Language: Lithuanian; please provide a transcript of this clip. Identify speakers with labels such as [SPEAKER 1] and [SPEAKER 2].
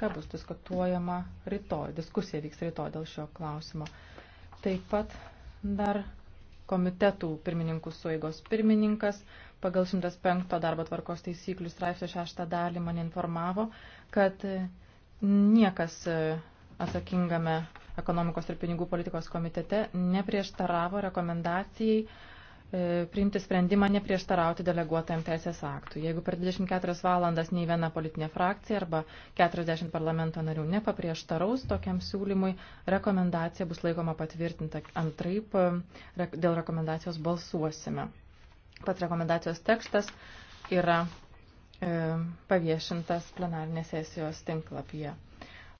[SPEAKER 1] ką bus diskutuojama rytoj, diskusija vyks rytoj dėl šio klausimo. Taip pat dar komitetų pirmininkų sueigos pirmininkas pagal 105 darbo tvarkos taisyklių straipsnio 6 dalį mane informavo, kad niekas e, atsakingame ekonomikos ir pinigų politikos komitete neprieštaravo rekomendacijai E, priimti sprendimą neprieštarauti deleguotajam teisės aktui. Jeigu per 24 valandas nei viena politinė frakcija arba 40 parlamento narių nepaprieštaraus tokiam siūlymui, rekomendacija bus laikoma patvirtinta. Antraip e, dėl rekomendacijos balsuosime. Pats rekomendacijos tekstas yra e, paviešintas plenarinės sesijos tinklapyje.